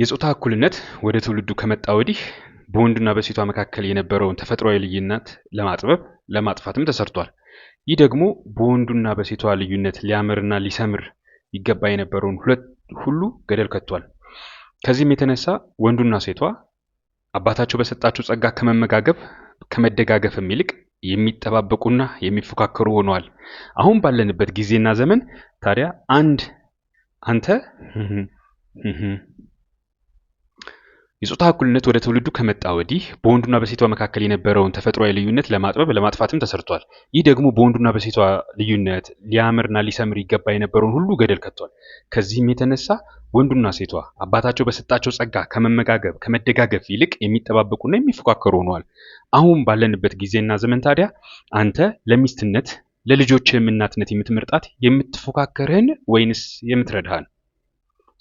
የጾታ እኩልነት ወደ ትውልዱ ከመጣ ወዲህ በወንዱና በሴቷ መካከል የነበረውን ተፈጥሯዊ ልዩነት ለማጥበብ ለማጥፋትም ተሰርቷል። ይህ ደግሞ በወንዱና በሴቷ ልዩነት ሊያምርና ሊሰምር ይገባ የነበረውን ሁሉ ገደል ከቷል። ከዚህም የተነሳ ወንዱና ሴቷ አባታቸው በሰጣቸው ጸጋ ከመመጋገብ ከመደጋገፍም ይልቅ የሚጠባበቁና የሚፎካከሩ ሆነዋል። አሁን ባለንበት ጊዜና ዘመን ታዲያ አንድ አንተ የጾታ እኩልነት ወደ ትውልዱ ከመጣ ወዲህ በወንዱና በሴቷ መካከል የነበረውን ተፈጥሯዊ ልዩነት ለማጥበብ ለማጥፋትም ተሰርቷል። ይህ ደግሞ በወንዱና በሴቷ ልዩነት ሊያምርና ሊሰምር ይገባ የነበረውን ሁሉ ገደል ከቷል። ከዚህም የተነሳ ወንዱና ሴቷ አባታቸው በሰጣቸው ጸጋ ከመመጋገብ ከመደጋገፍ ይልቅ የሚጠባበቁና የሚፎካከሩ ሆነዋል። አሁን ባለንበት ጊዜና ዘመን ታዲያ አንተ ለሚስትነት ለልጆችህም እናትነት የምትመርጣት የምትፎካከርህን ወይንስ የምትረዳህን?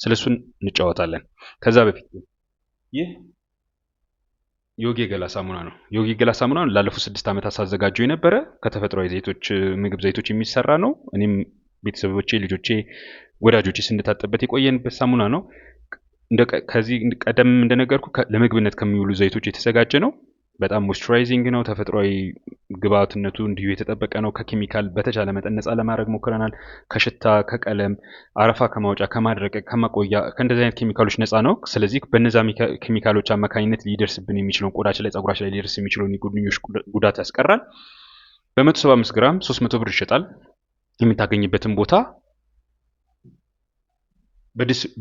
ስለሱን እንጫወታለን። ከዛ በፊት ይህ ዮጊ የገላ ሳሙና ነው። ዮጊ የገላ ሳሙና ላለፉት ስድስት ዓመታት ሳዘጋጀው የነበረ ከተፈጥሯዊ ዘይቶች፣ ምግብ ዘይቶች የሚሰራ ነው። እኔም ቤተሰቦቼ፣ ልጆቼ፣ ወዳጆቼ ስንታጠበት የቆየንበት ሳሙና ነው። ከዚህ ቀደም እንደነገርኩ ለምግብነት ከሚውሉ ዘይቶች የተዘጋጀ ነው። በጣም ሞይስቸራይዚንግ ነው። ተፈጥሯዊ ግብአትነቱ እንዲሁ የተጠበቀ ነው። ከኬሚካል በተቻለ መጠን ነፃ ለማድረግ ሞክረናል። ከሽታ፣ ከቀለም፣ አረፋ ከማውጫ፣ ከማድረቅ፣ ከመቆያ ከእንደዚህ አይነት ኬሚካሎች ነፃ ነው። ስለዚህ በነዛ ኬሚካሎች አማካኝነት ሊደርስብን የሚችለውን ቆዳችን ላይ ጸጉራችን ላይ ሊደርስ የሚችለውን የጎንዮሽ ጉዳት ያስቀራል። በመቶ ሰባ አምስት ግራም ሶስት መቶ ብር ይሸጣል። የምታገኝበትን ቦታ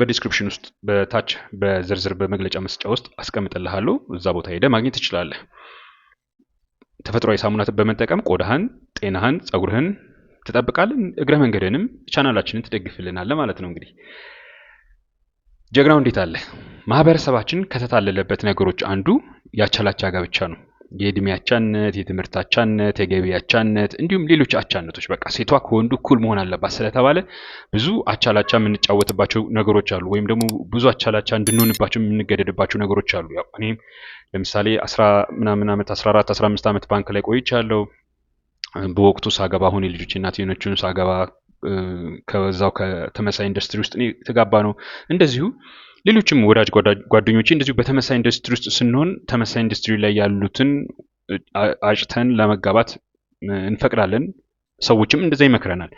በዲስክሪፕሽን ውስጥ በታች በዝርዝር በመግለጫ መስጫ ውስጥ አስቀምጥልሃለሁ። እዛ ቦታ ሄደ ማግኘት ትችላለህ። ተፈጥሯዊ ሳሙናትን በመጠቀም ቆዳህን፣ ጤናህን፣ ጸጉርህን ትጠብቃለን እግረ መንገድንም ቻናላችንን ትደግፍልናለ ማለት ነው። እንግዲህ ጀግናው እንዴት አለ? ማህበረሰባችን ከተታለለበት ነገሮች አንዱ ያቻላቻ ጋብቻ ነው። የእድሜ አቻነት፣ የትምህርት አቻነት፣ የገቢ አቻነት እንዲሁም ሌሎች አቻነቶች በቃ ሴቷ ከወንዱ እኩል መሆን አለባት ስለተባለ ብዙ አቻላቻ የምንጫወትባቸው ነገሮች አሉ። ወይም ደግሞ ብዙ አቻላቻ እንድንሆንባቸው የምንገደድባቸው ነገሮች አሉ። ያው እኔም ለምሳሌ አስራ ምናምን ዓመት አስራ አራት አስራ አምስት ዓመት ባንክ ላይ ቆይቻለሁ። በወቅቱ ሳገባ አሁን የልጆች እናት የሆነችውን ሳገባ ከዛው ከተመሳሳይ ኢንዱስትሪ ውስጥ የተጋባ ነው እንደዚሁ ሌሎችም ወዳጅ ጓደኞቼ እንደዚሁ በተመሳሳይ ኢንዱስትሪ ውስጥ ስንሆን ተመሳሳይ ኢንዱስትሪ ላይ ያሉትን አጭተን ለመጋባት እንፈቅዳለን። ሰዎችም እንደዛ ይመክረናል።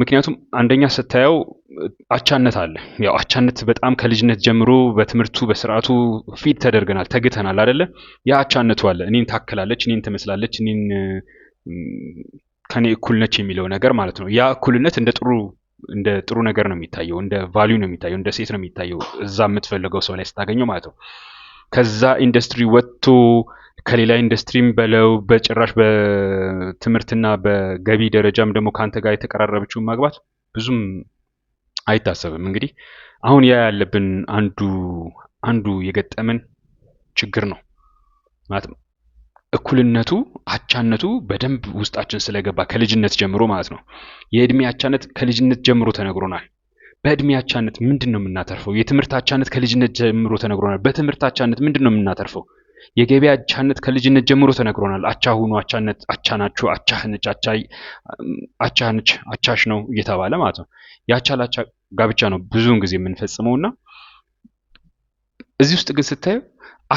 ምክንያቱም አንደኛ ስታየው አቻነት አለ። ያው አቻነት በጣም ከልጅነት ጀምሮ በትምህርቱ በስርዓቱ ፊድ ተደርገናል፣ ተግተናል አደለ? ያ አቻነቱ አለ። እኔን ታክላለች፣ እኔን ትመስላለች፣ እኔን ከኔ እኩል ነች የሚለው ነገር ማለት ነው። ያ እኩልነት እንደ ጥሩ እንደ ጥሩ ነገር ነው የሚታየው፣ እንደ ቫሊዩ ነው የሚታየው፣ እንደ ሴት ነው የሚታየው እዛ የምትፈልገው ሰው ላይ ስታገኘው ማለት ነው። ከዛ ኢንዱስትሪ ወጥቶ ከሌላ ኢንዱስትሪም በለው በጭራሽ በትምህርትና በገቢ ደረጃም ደግሞ ከአንተ ጋር የተቀራረበችውን ማግባት ብዙም አይታሰብም። እንግዲህ አሁን ያ ያለብን አንዱ አንዱ የገጠመን ችግር ነው ማለት ነው። እኩልነቱ አቻነቱ በደንብ ውስጣችን ስለገባ ከልጅነት ጀምሮ ማለት ነው። የእድሜ አቻነት ከልጅነት ጀምሮ ተነግሮናል። በእድሜ አቻነት ምንድን ነው የምናተርፈው? የትምህርት አቻነት ከልጅነት ጀምሮ ተነግሮናል። በትምህርት አቻነት ምንድን ነው የምናተርፈው? የገበያ አቻነት ከልጅነት ጀምሮ ተነግሮናል። አቻ ሁኑ፣ አቻነት፣ አቻ ናችሁ፣ አቻህነች፣ አቻህነች፣ አቻሽ ነው እየተባለ ማለት ነው። የአቻ ላቻ ጋብቻ ነው ብዙውን ጊዜ የምንፈጽመው እና እዚህ ውስጥ ግን ስታየው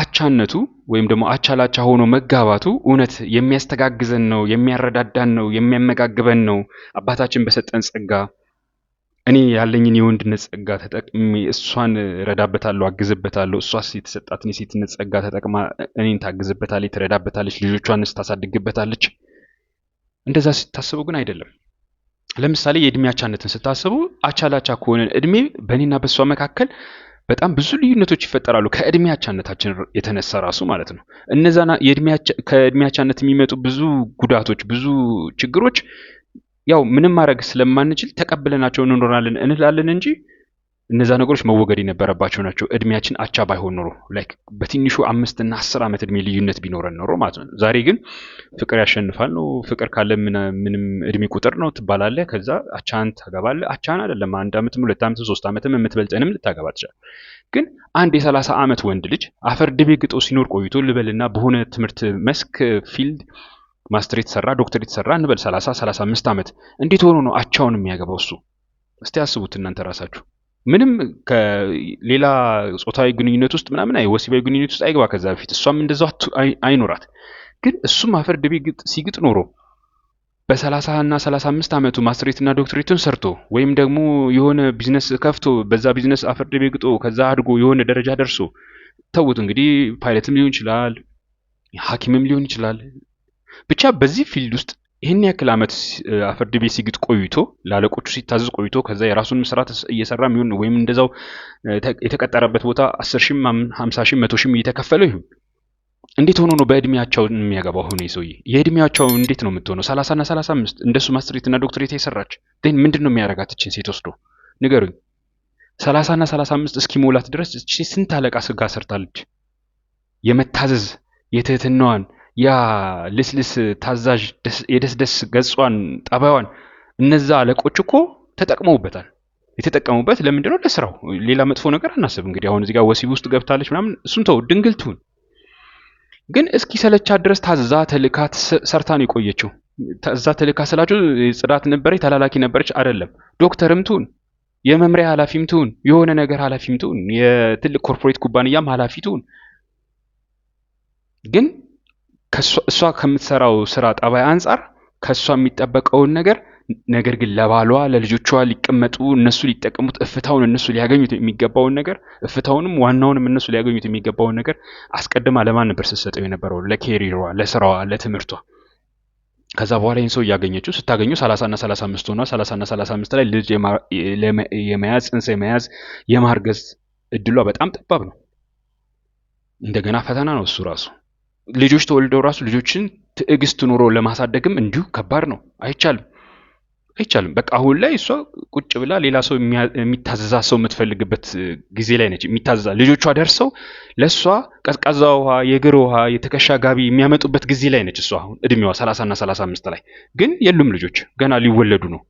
አቻነቱ ወይም ደግሞ አቻላቻ ሆኖ መጋባቱ እውነት የሚያስተጋግዘን ነው፣ የሚያረዳዳን ነው፣ የሚያመጋግበን ነው። አባታችን በሰጠን ጸጋ እኔ ያለኝን የወንድነት ጸጋ ተጠቅሜ እሷን ረዳበታለሁ፣ አግዝበታለሁ። እሷ የተሰጣትን የሴትነት ጸጋ ተጠቅማ እኔን ታግዝበታለች፣ ትረዳበታለች፣ ልጆቿንስ ታሳድግበታለች። እንደዛ ስታስበው ግን አይደለም። ለምሳሌ የእድሜ አቻነትን ስታስቡ አቻላቻ ከሆነ እድሜ በእኔና በእሷ መካከል በጣም ብዙ ልዩነቶች ይፈጠራሉ ከእድሜ አቻነታችን የተነሳ ራሱ ማለት ነው። እነዛ ከእድሜ አቻነት የሚመጡ ብዙ ጉዳቶች፣ ብዙ ችግሮች ያው ምንም ማድረግ ስለማንችል ተቀብለናቸው እንኖራለን እንላለን እንጂ እነዛ ነገሮች መወገድ የነበረባቸው ናቸው። እድሜያችን አቻ ባይሆን ኖሮ ላይክ በትንሹ አምስት እና አስር ዓመት እድሜ ልዩነት ቢኖረን ኖሮ ማለት ነው። ዛሬ ግን ፍቅር ያሸንፋል ነው። ፍቅር ካለ ምንም እድሜ ቁጥር ነው ትባላለ። ከዛ አቻን ታገባለ። አቻን አይደለም አንድ ዓመትም ሁለት ዓመትም ሶስት ዓመትም የምትበልጠንም ልታገባ ትችላል። ግን አንድ የሰላሳ ዓመት ወንድ ልጅ አፈር ድቤ ግጦ ሲኖር ቆይቶ ልበልና በሆነ ትምህርት መስክ ፊልድ ማስተር የተሰራ ዶክተር የተሰራ እንበል ሰላሳ ሰላሳ አምስት ዓመት እንዴት ሆኖ ነው አቻውን የሚያገባው እሱ? እስቲ አስቡት እናንተ ራሳችሁ። ምንም ከሌላ ጾታዊ ግንኙነት ውስጥ ምናምን ወሲባዊ ግንኙነት ውስጥ አይገባ ከዛ በፊት እሷም እንደዛ አይኖራት። ግን እሱም አፈርድ ቤት ሲግጥ ኖሮ በሰላሳ እና ሰላሳ አምስት ዓመቱ ማስትሬትና ዶክትሬቱን ሰርቶ ወይም ደግሞ የሆነ ቢዝነስ ከፍቶ በዛ ቢዝነስ አፈርድ ድቤ ግጦ ከዛ አድጎ የሆነ ደረጃ ደርሶ ተውት እንግዲህ ፓይለትም ሊሆን ይችላል፣ ሀኪምም ሊሆን ይችላል። ብቻ በዚህ ፊልድ ውስጥ ይህን ያክል ዓመት ፍርድ ቤት ሲግጥ ቆይቶ ለአለቆቹ ሲታዘዝ ቆይቶ ከዛ የራሱን ስራ እየሰራ የሚሆን ወይም እንደዛው የተቀጠረበት ቦታ አስር ሺም ሀምሳ ሺም መቶ ሺም እየተከፈለው ይሁን እንዴት ሆኖ ነው በእድሜያቸው የሚያገባው? ሆነ ሰውዬ የእድሜያቸው እንዴት ነው የምትሆነው? ሰላሳና ሰላሳ አምስት እንደሱ ማስትሬትና ዶክትሬት የሰራች ን ምንድን ነው የሚያረጋት እችን ሴት ወስዶ ንገሩኝ። ሰላሳና ሰላሳ አምስት መውላት ድረስ ስንት አለቃ ስጋ ሰርታለች። የመታዘዝ የትህትናዋን ያ ልስልስ ታዛዥ የደስደስ ገጿን ጠባዋን እነዛ አለቆች እኮ ተጠቅመውበታል። የተጠቀሙበት ለምንድ ነው? ለስራው። ሌላ መጥፎ ነገር አናስብ። እንግዲህ አሁን እዚጋ ወሲብ ውስጥ ገብታለች ምናምን፣ እሱን ተው፣ ድንግል ትሁን። ግን እስኪ ሰለቻት ድረስ ታዛ ተልካ ሰርታን የቆየችው። ታዛ ተልካ ስላችሁ ጽዳት ነበረች፣ ተላላኪ ነበረች አይደለም። ዶክተርም ትሁን የመምሪያ ኃላፊም ትሁን የሆነ ነገር ኃላፊም ትሁን የትልቅ ኮርፖሬት ኩባንያም ኃላፊ ትሁን ግን እሷ ከምትሰራው ስራ ጠባይ አንጻር ከእሷ የሚጠበቀውን ነገር ነገር ግን ለባሏ ለልጆቿ ሊቀመጡ እነሱ ሊጠቀሙት እፍታውን እነሱ ሊያገኙት የሚገባውን ነገር እፍታውንም ዋናውንም እነሱ ሊያገኙት የሚገባውን ነገር አስቀድማ ለማን ነበር ስትሰጠው የነበረው? ለኬሪሯ፣ ለስራዋ፣ ለትምህርቷ። ከዛ በኋላ ይህን ሰው እያገኘችው ስታገኘው ሰላሳና ሰላሳ አምስት ሆኗ ሰላሳና ሰላሳ አምስት ላይ ልጅ የመያዝ ጽንሰ የመያዝ የማርገዝ እድሏ በጣም ጠባብ ነው። እንደገና ፈተና ነው እሱ ራሱ። ልጆች ተወልደው ራሱ ልጆችን ትዕግስት ኑሮ ለማሳደግም እንዲሁ ከባድ ነው። አይቻልም፣ አይቻልም። በቃ አሁን ላይ እሷ ቁጭ ብላ ሌላ ሰው የሚታዘዛ ሰው የምትፈልግበት ጊዜ ላይ ነች። የሚታዘዛ ልጆቿ ደርሰው ለእሷ ቀዝቃዛ ውሃ፣ የእግር ውሃ፣ የትከሻ ጋቢ የሚያመጡበት ጊዜ ላይ ነች። እሷ አሁን እድሜዋ ሰላሳና ሰላሳ አምስት ላይ ግን የሉም ልጆች ገና ሊወለዱ ነው።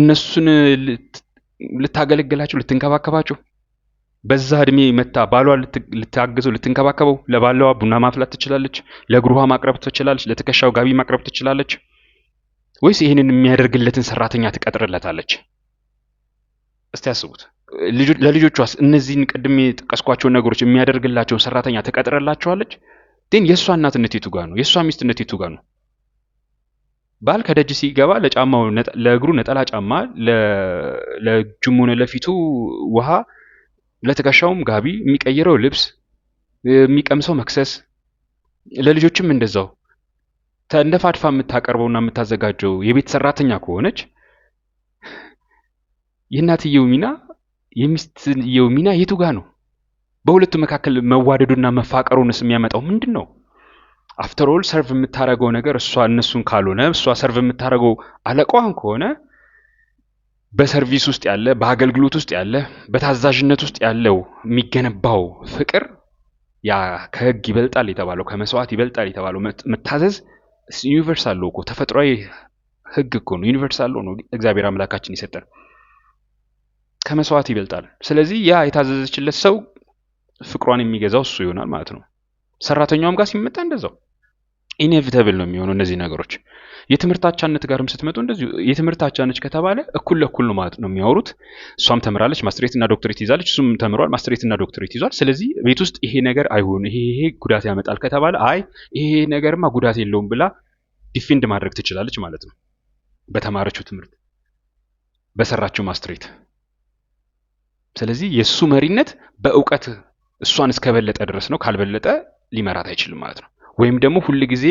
እነሱን ልታገለግላቸው ልትንከባከባቸው በዛ እድሜ መታ ባሏ ልታግዘው ልትንከባከበው ለባለዋ ቡና ማፍላት ትችላለች፣ ለእግሩ ውሃ ማቅረብ ትችላለች፣ ለትከሻው ጋቢ ማቅረብ ትችላለች ወይስ ይህንን የሚያደርግለትን ሰራተኛ ትቀጥርለታለች? እስቲ ያስቡት። ለልጆቿስ እነዚህን ቅድም የጠቀስኳቸውን ነገሮች የሚያደርግላቸውን ሰራተኛ ትቀጥርላቸዋለች? ግን የእሷ እናትነት የቱ ጋር ነው? የእሷ ሚስትነት የቱ ጋር ነው? ባል ከደጅ ሲገባ ለጫማው ለእግሩ ነጠላ ጫማ ለእጁም ሆነ ለፊቱ ውሃ ለትከሻውም ጋቢ፣ የሚቀይረው ልብስ፣ የሚቀምሰው መክሰስ፣ ለልጆችም እንደዛው ተንደፋድፋ የምታቀርበውና የምታዘጋጀው የቤት ሰራተኛ ከሆነች የእናትየው ሚና የሚስትየው ሚና የቱ ጋ ነው? በሁለቱ መካከል መዋደዱና መፋቀሩንስ የሚያመጣው ምንድን ነው? አፍተር ኦል ሰርቭ የምታደርገው ነገር እሷ እነሱን ካልሆነ እሷ ሰርቭ የምታደርገው አለቃዋን ከሆነ በሰርቪስ ውስጥ ያለ በአገልግሎት ውስጥ ያለ በታዛዥነት ውስጥ ያለው የሚገነባው ፍቅር ያ ከህግ ይበልጣል የተባለው ከመስዋዕት ይበልጣል የተባለው መታዘዝ ዩኒቨርሳል ሎ እኮ ተፈጥሯዊ ህግ እኮ ነው። ዩኒቨርሳል ሎ ነው እግዚአብሔር አምላካችን የሰጠን ከመስዋዕት ይበልጣል። ስለዚህ ያ የታዘዘችለት ሰው ፍቅሯን የሚገዛው እሱ ይሆናል ማለት ነው። ሰራተኛውም ጋር ሲመጣ እንደዛው ኢኔቪተብል ነው የሚሆነው እነዚህ ነገሮች። የትምህርት አቻነት ጋርም ስትመጡ እንደዚሁ የትምህርት አቻነች ከተባለ እኩል ለእኩል ማለት ነው የሚያወሩት። እሷም ተምራለች ማስትሬትና ዶክትሬት ይዛለች፣ እሱም ተምሯል ማስትሬትና ዶክትሬት ይዟል። ስለዚህ ቤት ውስጥ ይሄ ነገር አይሆን ይሄ ይሄ ጉዳት ያመጣል ከተባለ አይ ይሄ ነገርማ ጉዳት የለውም ብላ ዲፌንድ ማድረግ ትችላለች ማለት ነው በተማረችው ትምህርት በሰራችው ማስትሬት። ስለዚህ የእሱ መሪነት በእውቀት እሷን እስከበለጠ ድረስ ነው። ካልበለጠ ሊመራት አይችልም ማለት ነው። ወይም ደግሞ ሁል ጊዜ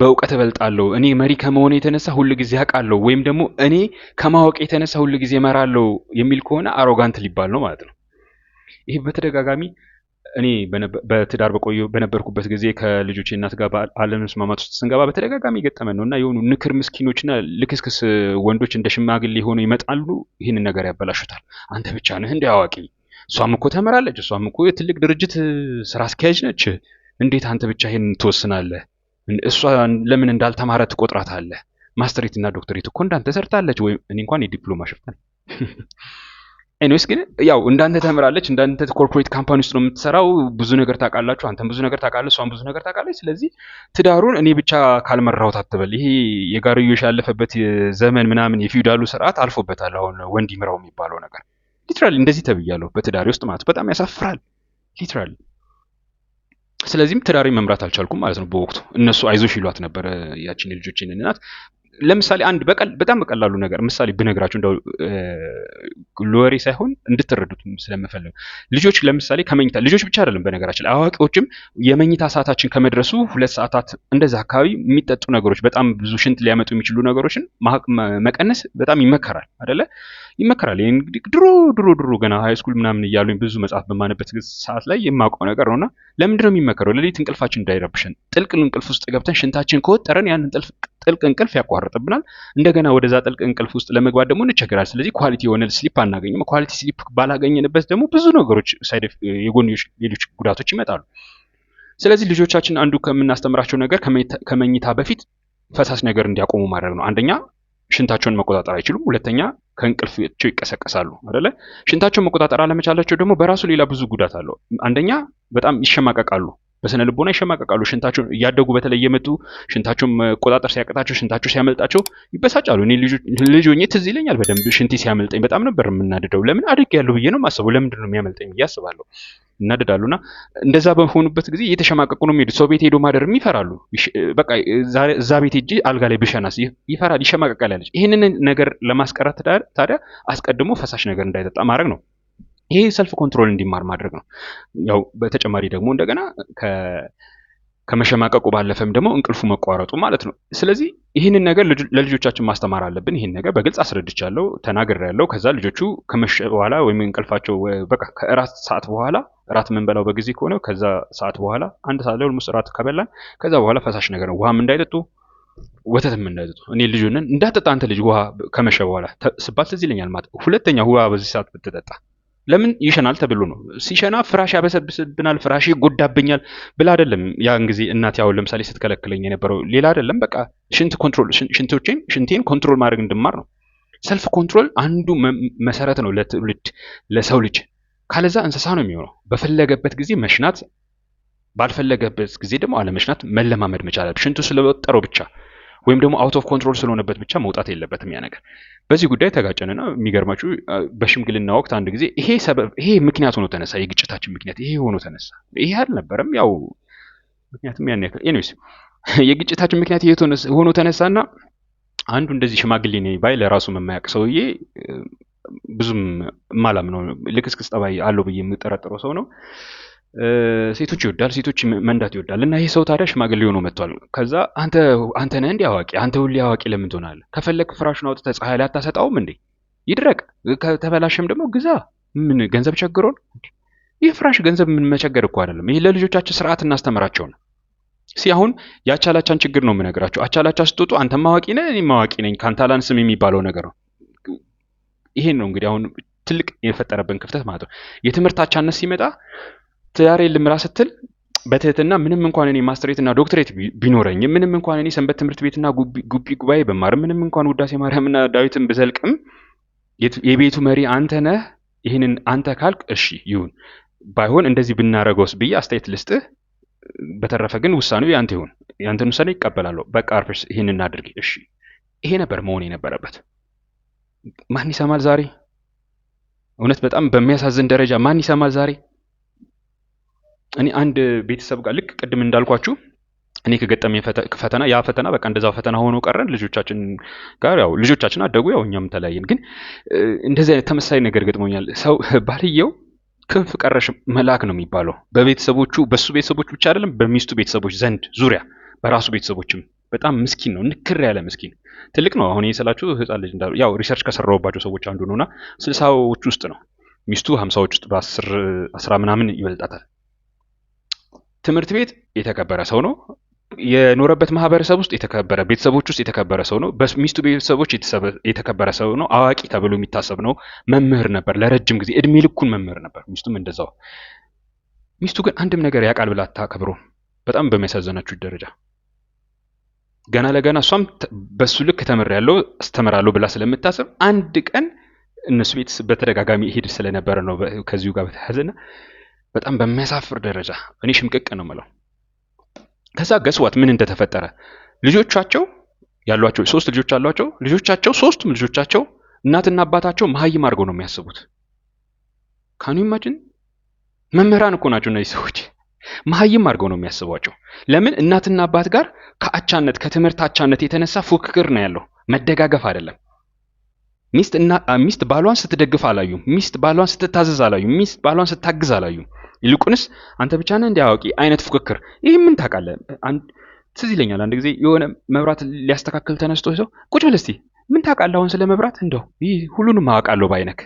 በእውቀት እበልጣለሁ፣ እኔ መሪ ከመሆን የተነሳ ሁል ጊዜ አውቃለሁ፣ ወይም ደግሞ እኔ ከማወቅ የተነሳ ሁል ጊዜ እመራለሁ የሚል ከሆነ አሮጋንት ሊባል ነው ማለት ነው። ይህ በተደጋጋሚ እኔ በትዳር በቆየ በነበርኩበት ጊዜ ከልጆች እናት ጋር አለመስማማት ውስጥ ስንገባ በተደጋጋሚ የገጠመን ነው እና የሆኑ ንክር ምስኪኖችና ልክስክስ ወንዶች እንደ ሽማግሌ ሆነው ይመጣሉ። ይህንን ነገር ያበላሹታል። አንተ ብቻ ነህ እንዲ አዋቂ፣ እሷም እኮ ተምራለች፣ እሷም እኮ የትልቅ ድርጅት ስራ አስኪያጅ ነች እንዴት አንተ ብቻ ይሄንን ትወስናለህ? እሷ ለምን እንዳልተማረ ትቆጥራታለህ? እና ዶክተሬት እኮ እንዳንተ ሰርታለች። ወይም እኔ እንኳን የዲፕሎማ ሽፍታል ኤኒዌይስ ግን ያው እንዳንተ ተምራለች፣ እንዳንተ ኮርፖሬት ካምፓኒ ውስጥ ነው የምትሰራው። ብዙ ነገር ታውቃላችሁ። አንተም ብዙ ነገር ታውቃለህ፣ እሷም ብዙ ነገር ታውቃለች። ስለዚህ ትዳሩን እኔ ብቻ ካልመራሁት አትበል። ይሄ የጋርዮሽ ያለፈበት ዘመን ምናምን የፊውዳሉ ስርዓት አልፎበታል። አሁን ወንድ ይምራው የሚባለው ነገር ሊትራሊ እንደዚህ ተብያለሁ በትዳሬ ውስጥ ማለት በጣም ያሳፍራል ሊትራሊ ስለዚህም ትዳሬ መምራት አልቻልኩም ማለት ነው በወቅቱ እነሱ አይዞሽ ይሏት ነበረ ያችን የልጆችን እናት ለምሳሌ አንድ በቀል በጣም በቀላሉ ነገር ምሳሌ ብነግራችሁ እንደው ለወሬ ሳይሆን እንድትረዱት ስለምፈልግ ልጆች ለምሳሌ ከመኝታ ልጆች ብቻ አይደለም በነገራችን ላይ አዋቂዎችም የመኝታ ሰዓታችን ከመድረሱ ሁለት ሰዓታት እንደዛ አካባቢ የሚጠጡ ነገሮች በጣም ብዙ ሽንት ሊያመጡ የሚችሉ ነገሮችን መቀነስ በጣም ይመከራል አይደለ ይመከራል። ይህ እንግዲህ ድሮ ድሮ ድሮ ገና ሀይ ስኩል ምናምን እያሉኝ ብዙ መጽሐፍ በማነበት ሰዓት ላይ የማውቀው ነገር ነውና ለምንድን ነው የሚመከረው? ሌሊት እንቅልፋችን እንዳይረብሸን፣ ጥልቅ እንቅልፍ ውስጥ ገብተን ሽንታችን ከወጠረን ያን ጥልቅ እንቅልፍ ያቋርጥብናል። እንደገና ወደዛ ጥልቅ እንቅልፍ ውስጥ ለመግባት ደግሞ እንቸገራል። ስለዚህ ኳሊቲ የሆነ ስሊፕ አናገኝም። ኳሊቲ ስሊፕ ባላገኘንበት ደግሞ ብዙ ነገሮች የጎንዮሽ ሌሎች ጉዳቶች ይመጣሉ። ስለዚህ ልጆቻችን አንዱ ከምናስተምራቸው ነገር ከመኝታ በፊት ፈሳሽ ነገር እንዲያቆሙ ማድረግ ነው። አንደኛ ሽንታቸውን መቆጣጠር አይችሉም። ሁለተኛ ከእንቅልፋቸው ይቀሰቀሳሉ አይደለ? ሽንታቸውን መቆጣጠር አለመቻላቸው ደግሞ በራሱ ሌላ ብዙ ጉዳት አለው። አንደኛ በጣም ይሸማቀቃሉ፣ በስነ ልቦና ይሸማቀቃሉ። ሽንታቸውን እያደጉ በተለይ የመጡ ሽንታቸውን መቆጣጠር ሲያቅጣቸው፣ ሽንታቸው ሲያመልጣቸው ይበሳጫሉ። እኔ ልጅ ሆኜ ትዝ ይለኛል በደንብ ሽንቲ ሲያመልጠኝ በጣም ነበር የምናድደው። ለምን አድግ ያለሁ ብዬ ነው የማስበው። ለምንድን ነው የሚያመልጠኝ ብዬ አስባለሁ። እናደዳሉ እና እንደዛ በሆኑበት ጊዜ እየተሸማቀቁ ነው የሚሄዱት። ሰው ቤት ሄዶ ማደር ይፈራሉ። በቃ እዛ ቤት ሄጄ አልጋ ላይ ብሸናስ ይፈራል፣ ይሸማቀቃል ያለች። ይህንን ነገር ለማስቀረት ታዲያ አስቀድሞ ፈሳሽ ነገር እንዳይጠጣ ማድረግ ነው። ይሄ ሰልፍ ኮንትሮል እንዲማር ማድረግ ነው። ያው በተጨማሪ ደግሞ እንደገና ከመሸማቀቁ ባለፈም ደግሞ እንቅልፉ መቋረጡ ማለት ነው። ስለዚህ ይህንን ነገር ለልጆቻችን ማስተማር አለብን። ይህን ነገር በግልጽ አስረድቻለሁ፣ ተናግሬያለሁ። ከዛ ልጆቹ ከመሸ በኋላ ወይም እንቅልፋቸው በቃ ከእራት ሰዓት በኋላ እራት የምንበላው በጊዜ ከሆነ ከዛ ሰዓት በኋላ አንድ ሰዓት ላይ ኦልሞስት ከበላን ከዛ በኋላ ፈሳሽ ነገር ነው ውሃም እንዳይጠጡ ወተትም እንዳይጠጡ። እኔ ልጁንን እንዳትጠጣ አንተ ልጅ ውሃ ከመሸ በኋላ ስባል ትዝ ይለኛል። ማለት ሁለተኛ ውሃ በዚህ ሰዓት ብትጠጣ ለምን ይሸናል ተብሎ ነው። ሲሸና ፍራሽ ያበሰብስብናል፣ ፍራሽ ይጎዳብኛል ብላ አይደለም ያን ጊዜ እናት ያው ለምሳሌ ስትከለክለኝ የነበረው ሌላ አይደለም፣ በቃ ሽንት ኮንትሮል ሽንቶቼን ሽንቴን ኮንትሮል ማድረግ እንድማር ነው። ሰልፍ ኮንትሮል አንዱ መሰረት ነው ለትውልድ ለሰው ልጅ ካለዛ እንስሳ ነው የሚሆነው። በፈለገበት ጊዜ መሽናት፣ ባልፈለገበት ጊዜ ደግሞ አለመሽናት መለማመድ መቻል። ሽንቱ ስለወጠረው ብቻ ወይም ደግሞ አውት ኦፍ ኮንትሮል ስለሆነበት ብቻ መውጣት የለበትም ያ ነገር። በዚህ ጉዳይ ተጋጨንና የሚገርማችሁ በሽምግልና ወቅት አንድ ጊዜ ይሄ ሰበብ ይሄ ምክንያት ሆኖ ተነሳ፣ የግጭታችን ምክንያት ይሄ ሆኖ ተነሳ። ይሄ አልነበረም ያው ምክንያቱም ያን ያክል ኤኒዌይስ የግጭታችን ምክንያት ይሄ ሆኖ ተነሳና አንዱ እንደዚህ ሽማግሌ ነኝ ባይ ለራሱ መማያቅ ሰውዬ ብዙም ነው ልክስክስ ጠባይ አለው ብዬ የምጠረጥረው ሰው ነው። ሴቶች ይወዳል፣ ሴቶች መንዳት ይወዳል። እና ይህ ሰው ታዲያ ሽማግሌ ሆኖ መጥቷል። ከዛ አንተ አንተ ነህ እንዲህ አዋቂ፣ አንተ ሁሌ አዋቂ ለምን ትሆናል ከፈለግ ፍራሹን አውጥተህ ፀሐይ ላይ አታሰጣውም እንዴ? ይድረቅ፣ ከተበላሸም ደግሞ ግዛ። ምን ገንዘብ ቸግሮን? ይህ ፍራሽ ገንዘብ ምን መቸገር እኮ አይደለም። ይህ ለልጆቻችን ስርዓት እናስተምራቸው ነው። ሲ አሁን የአቻላቻን ችግር ነው የምነግራቸው። አቻላቻ ስትወጡ አንተም ማዋቂ ነ እኔም ነኝ ከአንተ አላንስም የሚባለው ነገር ነው። ይሄን ነው እንግዲህ አሁን ትልቅ የፈጠረብን ክፍተት ማለት ነው። የትምህርት አቻነት ሲመጣ ትዳሬ ልምራ ስትል በትህትና ምንም እንኳን እኔ ማስትሬትና ዶክትሬት ቢኖረኝ ምንም እንኳን እኔ ሰንበት ትምህርት ቤትና ጉቢ ጉባኤ በማርም ምንም እንኳን ውዳሴ ማርያምና ዳዊትን ብዘልቅም የቤቱ መሪ አንተ ነህ። ይህንን አንተ ካልክ እሺ ይሁን፣ ባይሆን እንደዚህ ብናረገውስ ብዬ አስተያየት ልስጥህ። በተረፈ ግን ውሳኔው ያንተ ይሁን፣ ያንተን ውሳኔ ይቀበላለሁ። በቃ አርፈሽ ይህን እናድርግ እሺ። ይሄ ነበር መሆን የነበረበት። ማን ይሰማል ዛሬ? እውነት በጣም በሚያሳዝን ደረጃ ማን ይሰማል ዛሬ? እኔ አንድ ቤተሰብ ጋር ልክ ቅድም እንዳልኳችሁ እኔ ከገጠመኝ ፈተና ያ ፈተና በቃ እንደዛ ፈተና ሆኖ ቀረን። ልጆቻችን ጋር ያው ልጆቻችን አደጉ፣ ያው እኛም ተለያየን። ግን እንደዚህ አይነት ተመሳሳይ ነገር ገጥሞኛል። ሰው ባልየው ክንፍ ቀረሽ መልአክ ነው የሚባለው በቤተሰቦቹ በሱ ቤተሰቦች ብቻ አይደለም በሚስቱ ቤተሰቦች ዘንድ ዙሪያ በራሱ ቤተሰቦችም በጣም ምስኪን ነው፣ ንክር ያለ ምስኪን ትልቅ ነው። አሁን የሰላችሁ ህፃን ልጅ እንዳሉ ያው ሪሰርች ከሰራሁባቸው ሰዎች አንዱ ነውና ስልሳዎች ውስጥ ነው ሚስቱ ሀምሳዎች ውስጥ በአስር አስራ ምናምን ይበልጣታል። ትምህርት ቤት የተከበረ ሰው ነው። የኖረበት ማህበረሰብ ውስጥ የተከበረ ቤተሰቦች ውስጥ የተከበረ ሰው ነው። በሚስቱ ቤተሰቦች የተከበረ ሰው ነው። አዋቂ ተብሎ የሚታሰብ ነው። መምህር ነበር ለረጅም ጊዜ እድሜ ልኩን መምህር ነበር። ሚስቱም እንደዛው። ሚስቱ ግን አንድም ነገር ያውቃል ብላ አታከብሮም። በጣም በሚያሳዘናችሁ ደረጃ ገና ለገና እሷም በሱ ልክ ተምሬያለሁ አስተምራለሁ ብላ ስለምታስብ አንድ ቀን እነሱ ቤት በተደጋጋሚ ሄድ ስለነበረ ነው ከዚሁ ጋር በተያያዘና በጣም በሚያሳፍር ደረጃ እኔ ሽምቅቅ ነው ምለው ከዛ ገስዋት ምን እንደተፈጠረ ልጆቻቸው ያሏቸው ሶስት ልጆች አሏቸው። ልጆቻቸው ሶስቱም ልጆቻቸው እናትና አባታቸው መሀይም አድርገው ነው የሚያስቡት። ካኑ ይማጅን መምህራን እኮ ናቸው እነዚህ ሰዎች። መሀይም አድርገው ነው የሚያስቧቸው። ለምን እናትና አባት ጋር ከአቻነት ከትምህርት አቻነት የተነሳ ፉክክር ነው ያለው፣ መደጋገፍ አይደለም። ሚስት እና ሚስት ባሏን ስትደግፍ አላዩም። ሚስት ባሏን ስትታዘዝ አላዩም። ሚስት ባሏን ስታግዝ አላዩም። ይልቁንስ አንተ ብቻ ነህ እንዲያዋቂ አይነት ፉክክር። ይህ ምን ታውቃለህ? ትዝ ይለኛል አንድ ጊዜ የሆነ መብራት ሊያስተካክል ተነስቶ ሰው ቁጭ በል እስቲ ምን ታውቃለህ አሁን ስለ መብራት እንደው ይህ ሁሉንም አውቃለሁ ባይነክ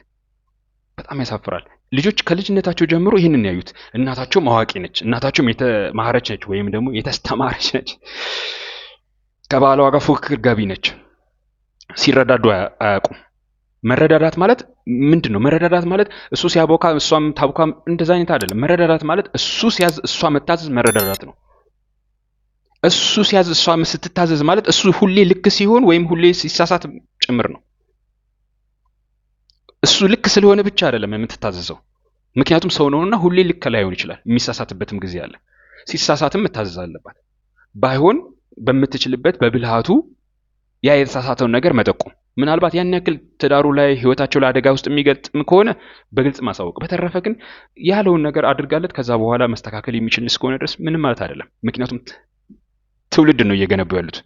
በጣም ያሳፍራል። ልጆች ከልጅነታቸው ጀምሮ ይህንን ያዩት። እናታቸውም አዋቂ ነች፣ እናታቸውም የተማረች ነች ወይም ደግሞ የተስተማረች ነች። ከባሏ ጋር ፉክክር ገቢ ነች። ሲረዳዱ አያውቁም። መረዳዳት ማለት ምንድን ነው? መረዳዳት ማለት እሱ ሲያቦካ እሷም ታቦካ እንደዛ አይነት አይደለም። መረዳዳት ማለት እሱ ሲያዝ እሷ መታዘዝ መረዳዳት ነው። እሱ ሲያዝ እሷ ስትታዘዝ ማለት እሱ ሁሌ ልክ ሲሆን ወይም ሁሌ ሲሳሳት ጭምር ነው። እሱ ልክ ስለሆነ ብቻ አይደለም የምትታዘዘው። ምክንያቱም ሰው ነውና ሁሌ ልክ ላይሆን ይችላል። የሚሳሳትበትም ጊዜ አለ። ሲሳሳትም መታዘዝ አለባት። ባይሆን በምትችልበት በብልሃቱ ያ የተሳሳተውን ነገር መጠቆም፣ ምናልባት ያን ያክል ትዳሩ ላይ ህይወታቸው ላይ አደጋ ውስጥ የሚገጥም ከሆነ በግልጽ ማሳወቅ። በተረፈ ግን ያለውን ነገር አድርጋለት ከዛ በኋላ መስተካከል የሚችል እስከሆነ ድረስ ምንም ማለት አይደለም። ምክንያቱም ትውልድ ነው እየገነቡ ያሉት፣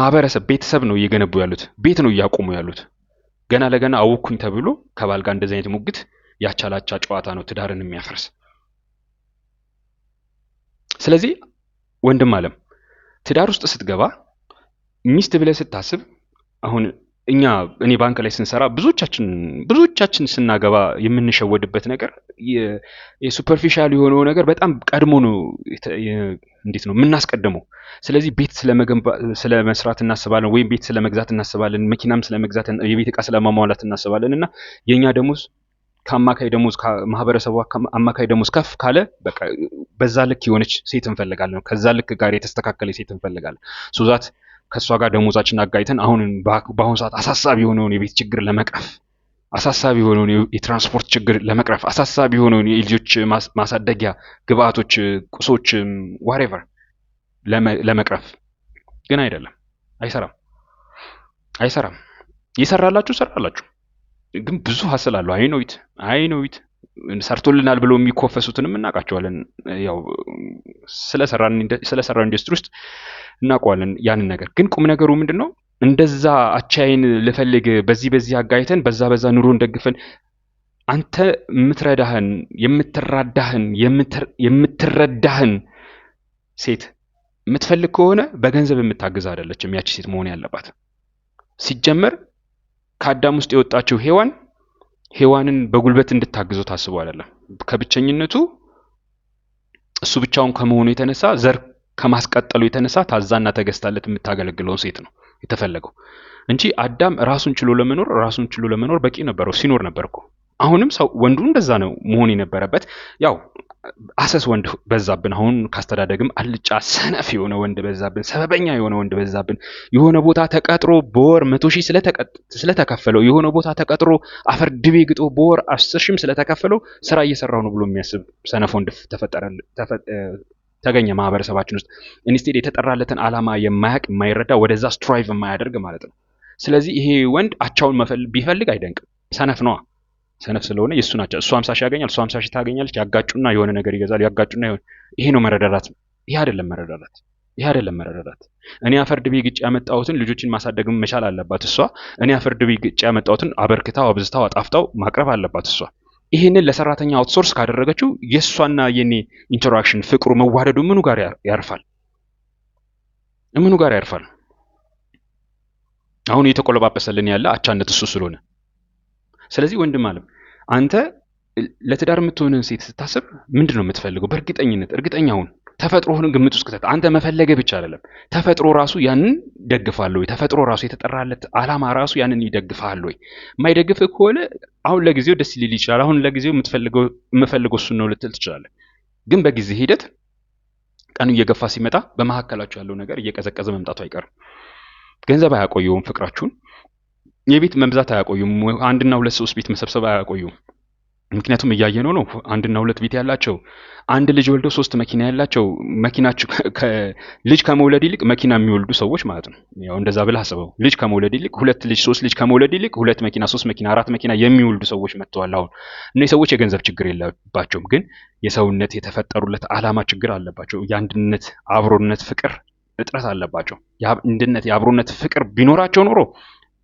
ማህበረሰብ ቤተሰብ ነው እየገነቡ ያሉት፣ ቤት ነው እያቆሙ ያሉት። ገና ለገና አወኩኝ ተብሎ ከባል ጋር እንደዚህ አይነት ሙግት ያቻላቻ ጨዋታ ነው ትዳርን የሚያፈርስ። ስለዚህ ወንድም አለም ትዳር ውስጥ ስትገባ ሚስት ብለ ስታስብ አሁን እኛ እኔ ባንክ ላይ ስንሰራ ብዙዎቻችን ብዙዎቻችን ስናገባ የምንሸወድበት ነገር የሱፐርፊሻል የሆነው ነገር በጣም ቀድሞ ነው እንዴት ነው የምናስቀድመው? ስለዚህ ቤት ስለመስራት እናስባለን፣ ወይም ቤት ስለመግዛት እናስባለን፣ መኪናም ስለመግዛት የቤት እቃ ስለማሟላት እናስባለን። እና የእኛ ደሞዝ ከአማካይ ደሞዝ ማህበረሰቡ አማካይ ደሞዝ ከፍ ካለ በቃ በዛ ልክ የሆነች ሴት እንፈልጋለን። ከዛ ልክ ጋር የተስተካከለ ሴት እንፈልጋለን። ሶዛት ከእሷ ጋር ደሞዛችን አጋይተን አሁን በአሁኑ ሰዓት አሳሳቢ የሆነውን የቤት ችግር ለመቅረፍ አሳሳቢ የሆነውን የትራንስፖርት ችግር ለመቅረፍ አሳሳቢ የሆነውን የልጆች ማሳደጊያ ግብአቶች፣ ቁሶች፣ ዋሬቨር ለመቅረፍ ግን አይደለም። አይሰራም፣ አይሰራም። ይሰራላችሁ፣ ሰራላችሁ፣ ግን ብዙ ሀስል አለው። አይኖዊት አይኖዊት ሰርቶልናል ብለው የሚኮፈሱትንም እናውቃቸዋለን። ያው ስለሰራን ኢንዱስትሪ ውስጥ እናውቀዋለን ያንን ነገር። ግን ቁም ነገሩ ምንድን ነው? እንደዛ አቻይን ልፈልግ በዚህ በዚህ አጋይተን በዛ በዛ ኑሮን ደግፈን አንተ የምትረዳህን የምትራዳህን የምትረዳህን ሴት የምትፈልግ ከሆነ በገንዘብ የምታግዝ አይደለችም ያቺ ሴት መሆን ያለባት። ሲጀመር ከአዳም ውስጥ የወጣችው ሔዋን ሔዋንን በጉልበት እንድታግዘው ታስቦ አይደለም። ከብቸኝነቱ እሱ ብቻውን ከመሆኑ የተነሳ ዘር ከማስቀጠሉ የተነሳ ታዛና ተገዝታለት የምታገለግለውን ሴት ነው። የተፈለገው እንጂ አዳም ራሱን ችሎ ለመኖር ራሱን ችሎ ለመኖር በቂ ነበረው፣ ሲኖር ነበር እኮ። አሁንም ሰው ወንዱ እንደዛ ነው መሆን የነበረበት። ያው አሰስ ወንድ በዛብን። አሁን ካስተዳደግም አልጫ ሰነፍ የሆነ ወንድ በዛብን፣ ሰበበኛ የሆነ ወንድ በዛብን። የሆነ ቦታ ተቀጥሮ በወር መቶ ሺህ ስለተከፈለው የሆነ ቦታ ተቀጥሮ አፈር ድቤ ግጦ በወር አስር ሺህም ስለተከፈለው ስራ እየሰራው ነው ብሎ የሚያስብ ሰነፍ ወንድ ተገኘ ማህበረሰባችን ውስጥ ኢንስቴድ የተጠራለትን ዓላማ የማያቅ የማይረዳ ወደዛ ስትራይቭ የማያደርግ ማለት ነው። ስለዚህ ይሄ ወንድ አቻውን ቢፈልግ አይደንቅም። ሰነፍ ነዋ። ሰነፍ ስለሆነ የእሱ ናቸው። እሱ ሀምሳ ሺህ ያገኛል፣ እሱ ሀምሳ ሺህ ታገኛለች። ያጋጩና የሆነ ነገር ይገዛል። ያጋጩና የሆነ ይሄ ነው መረዳዳት። ይሄ አይደለም መረዳዳት። ይህ አይደለም መረዳዳት። እኔ አፈርድ ቤ ግጭ ያመጣሁትን ልጆችን ማሳደግም መቻል አለባት እሷ። እኔ አፈርድ ቤ ግጭ ያመጣሁትን አበርክታው አብዝታው አጣፍጣው ማቅረብ አለባት እሷ። ይሄንን ለሰራተኛ አውትሶርስ ካደረገችው የእሷና የኔ ኢንተራክሽን ፍቅሩ መዋደዱ ምኑ ጋር ያርፋል? ምኑ ጋር ያርፋል? አሁን እየተቆለባበሰልን ያለ አቻነት እሱ ስለሆነ፣ ስለዚህ ወንድም አለም አንተ ለትዳር የምትሆንን ሴት ስታስብ ምንድን ነው የምትፈልገው? በእርግጠኝነት እርግጠኛ ሁን። ተፈጥሮህን ግምት ውስጥ ከተት አንተ መፈለገ ብቻ አይደለም ተፈጥሮ ራሱ ያንን ደግፋል ወይ? ተፈጥሮ ራሱ የተጠራለት አላማ ራሱ ያንን ይደግፋል ወይ? የማይደግፍ ከሆነ አሁን ለጊዜው ደስ ሊል ይችላል። አሁን ለጊዜው የምትፈልገው የምፈልገው እሱን ነው ልትል ትችላለህ። ግን በጊዜ ሂደት ቀኑ እየገፋ ሲመጣ በመካከላችሁ ያለው ነገር እየቀዘቀዘ መምጣቱ አይቀርም። ገንዘብ አያቆየውም ፍቅራችሁን። የቤት መብዛት አያቆዩም አንድና ሁለት ሶስት ቤት መሰብሰብ አያቆዩም። ምክንያቱም እያየነው ነው። አንድና ሁለት ቤት ያላቸው አንድ ልጅ ወልደው ሶስት መኪና ያላቸው መኪናቸው ልጅ ከመውለድ ይልቅ መኪና የሚወልዱ ሰዎች ማለት ነው። ያው እንደዛ ብለህ አስበው። ልጅ ከመውለድ ይልቅ ሁለት ልጅ ሶስት ልጅ ከመውለድ ይልቅ ሁለት መኪና ሶስት መኪና አራት መኪና የሚወልዱ ሰዎች መጥተዋል። አሁን እነዚህ ሰዎች የገንዘብ ችግር የለባቸውም፣ ግን የሰውነት የተፈጠሩለት አላማ ችግር አለባቸው። የአንድነት አብሮነት፣ ፍቅር እጥረት አለባቸው። የአንድነት የአብሮነት ፍቅር ቢኖራቸው ኖሮ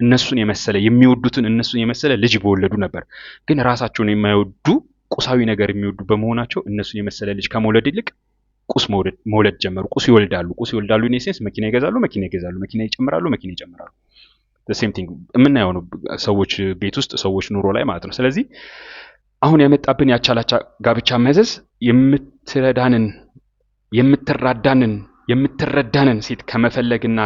እነሱን የመሰለ የሚወዱትን እነሱን የመሰለ ልጅ በወለዱ ነበር። ግን ራሳቸውን የማይወዱ ቁሳዊ ነገር የሚወዱ በመሆናቸው እነሱን የመሰለ ልጅ ከመውለድ ይልቅ ቁስ መውለድ ጀመሩ። ቁስ ይወልዳሉ። ቁስ ይወልዳሉ ኢንሴንስ መኪና ይገዛሉ፣ መኪና ይገዛሉ፣ መኪና ይጨምራሉ፣ መኪና ይጨምራሉ። ሴም ቲንግ የምናየው ነው ሰዎች ቤት ውስጥ ሰዎች ኑሮ ላይ ማለት ነው። ስለዚህ አሁን ያመጣብን ያቻላቻ ጋብቻ መዘዝ የምትረዳንን የምትራዳንን የምትረዳንን ሴት ከመፈለግና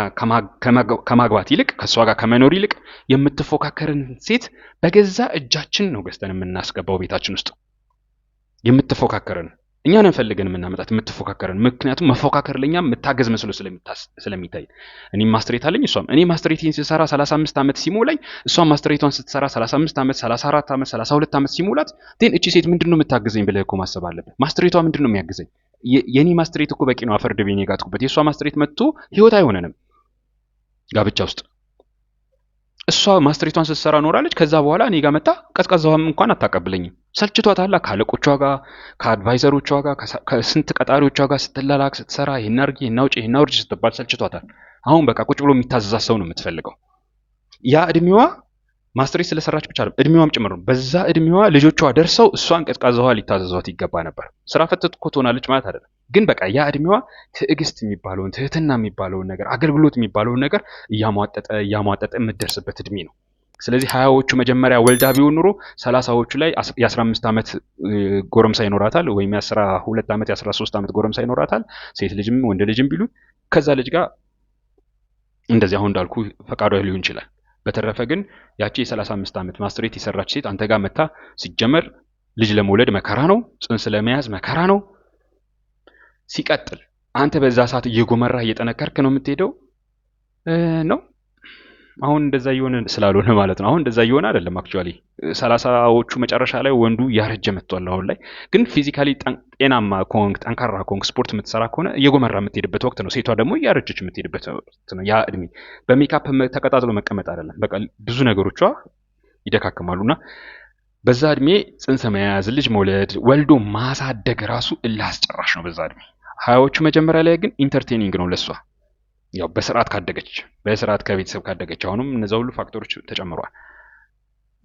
ከማግባት ይልቅ ከእሷ ጋር ከመኖር ይልቅ የምትፎካከርን ሴት በገዛ እጃችን ነው ገዝተን የምናስገባው ቤታችን ውስጥ። የምትፎካከርን እኛን ፈልገን የምናመጣት የምትፎካከርን። ምክንያቱም መፎካከር ለኛ የምታገዝ መስሎ ስለሚታይ እኔም ማስትሬት አለኝ እሷም። እኔ ማስትሬቴን ስሰራ 35 ዓመት ሲሞላኝ እሷም ማስትሬቷን ስትሰራ 35 ዓመት፣ 34 ዓመት፣ 32 ዓመት ሲሞላት ን እቺ ሴት ምንድነው የምታግዘኝ ብለህ እኮ ማሰብ አለብህ። ማስትሬቷ ነው የሚያግዘኝ የኔ ማስትሬት እኮ በቂ ነው። አፈርድ ድቤ የጋትኩበት የእሷ ማስትሬት መጥቶ ህይወት አይሆነንም ጋብቻ ውስጥ እሷ ማስትሬቷን ስትሰራ ኖራለች። ከዛ በኋላ እኔ ጋር መጣ ቀዝቃዛዋም እንኳን አታቀብለኝም። ሰልችቷታላ። ካለቆቿ ጋር፣ ከአድቫይዘሮቿ ጋር፣ ከስንት ቀጣሪዎቿ ጋር ስትላላክ ስትሰራ ይህና አድርጊ፣ ይህን ውጭ ይህና ውርጅ ስትባል ሰልችቷታል። አሁን በቃ ቁጭ ብሎ የሚታዘዛ ሰው ነው የምትፈልገው። ያ እድሜዋ ማስተሬት ስለሰራች ብቻ ነው እድሜዋም ጭምር ነው። በዛ እድሜዋ ልጆቿ ደርሰው እሷን ቀዝቃዛ ሊታዘዟት ይገባ ነበር። ስራ ፈተት እኮ ትሆናለች ማለት አይደለም፣ ግን በቃ ያ እድሜዋ ትዕግስት የሚባለውን ትህትና የሚባለውን ነገር አገልግሎት የሚባለውን ነገር እያሟጠጠ እያሟጠጠ የምትደርስበት እድሜ ነው። ስለዚህ ሀያዎቹ መጀመሪያ ወልዳ ቢሆን ኑሮ ሰላሳዎቹ ላይ የአስራ አምስት ዓመት ጎረምሳ ይኖራታል፣ ወይም የአስራ ሁለት ዓመት የአስራ ሶስት ዓመት ጎረምሳ ይኖራታል። ሴት ልጅም ወንድ ልጅም ቢሉ ከዛ ልጅ ጋር እንደዚህ አሁን እንዳልኩ ፈቃዷ ሊሆን ይችላል በተረፈ ግን ያቺ የ35 ዓመት ማስትሬት የሰራች ሴት አንተ ጋር መታ ሲጀመር ልጅ ለመውለድ መከራ ነው፣ ጽንስ ለመያዝ መከራ ነው። ሲቀጥል አንተ በዛ ሰዓት እየጎመራህ እየጠነከርክ ነው የምትሄደው ነው አሁን እንደዛ እየሆነ ስላልሆነ ማለት ነው። አሁን እንደዛ እየሆነ አይደለም። አክቹዋሊ ሰላሳዎቹ መጨረሻ ላይ ወንዱ ያረጀ መጥቷል። አሁን ላይ ግን ፊዚካሊ ጤናማ ከሆንክ፣ ጠንካራ ከሆንክ፣ ስፖርት የምትሰራ ከሆነ እየጎመራ የምትሄድበት ወቅት ነው። ሴቷ ደግሞ እያረጀች የምትሄድበት ወቅት ነው። ያ እድሜ በሜካፕ ተቀጣጥሎ መቀመጥ አይደለም። በቃ ብዙ ነገሮቿ ይደካክማሉ እና በዛ እድሜ ጽንሰ መያዝ፣ ልጅ መውለድ፣ ወልዶ ማሳደግ ራሱ እላስጨራሽ ነው በዛ እድሜ። ሀያዎቹ መጀመሪያ ላይ ግን ኢንተርቴኒንግ ነው ለሷ ያው በስርዓት ካደገች በስርዓት ከቤተሰብ ካደገች አሁንም እነዛ ሁሉ ፋክተሮች ተጨምሯል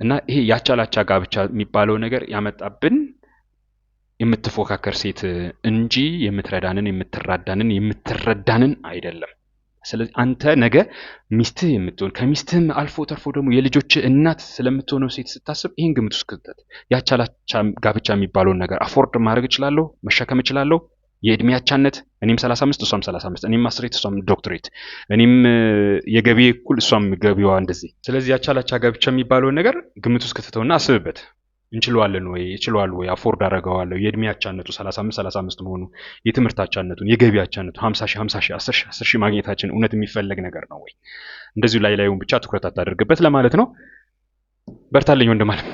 እና ይሄ ያቻላቻ ጋብቻ የሚባለው ነገር ያመጣብን የምትፎካከር ሴት እንጂ የምትረዳንን የምትራዳንን የምትረዳንን አይደለም። ስለዚህ አንተ ነገ ሚስትህ የምትሆን ከሚስትህም አልፎ ተርፎ ደግሞ የልጆች እናት ስለምትሆነው ሴት ስታስብ ይህን ግምት ውስጥ ክተት። ያቻላቻ ጋብቻ የሚባለውን ነገር አፎርድ ማድረግ እችላለሁ፣ መሸከም እችላለሁ፣ የእድሜ አቻነት እኔም 35 እሷም 35 እኔም ማስትሬት እሷም ዶክትሬት እኔም የገቢ እኩል እሷም ገቢዋ እንደዚህ። ስለዚህ ያቻ ላቻ ጋብቻ የሚባለውን ነገር ግምት ውስጥ ከተተውና አስብበት እንችለዋለን ወይ ይችላል ወይ አፎርድ አደርገዋለሁ የእድሜ አቻነቱ 35 35 መሆኑ የትምህርት አቻነቱን የገቢ አቻነቱን 50 ሺህ 50 ሺህ 10 ሺህ 10 ሺህ ማግኘታችን እውነት የሚፈለግ ነገር ነው ወይ? እንደዚሁ ላይ ላዩን ብቻ ትኩረት አታደርግበት ለማለት ነው። በርታለኝ ወንድማለም።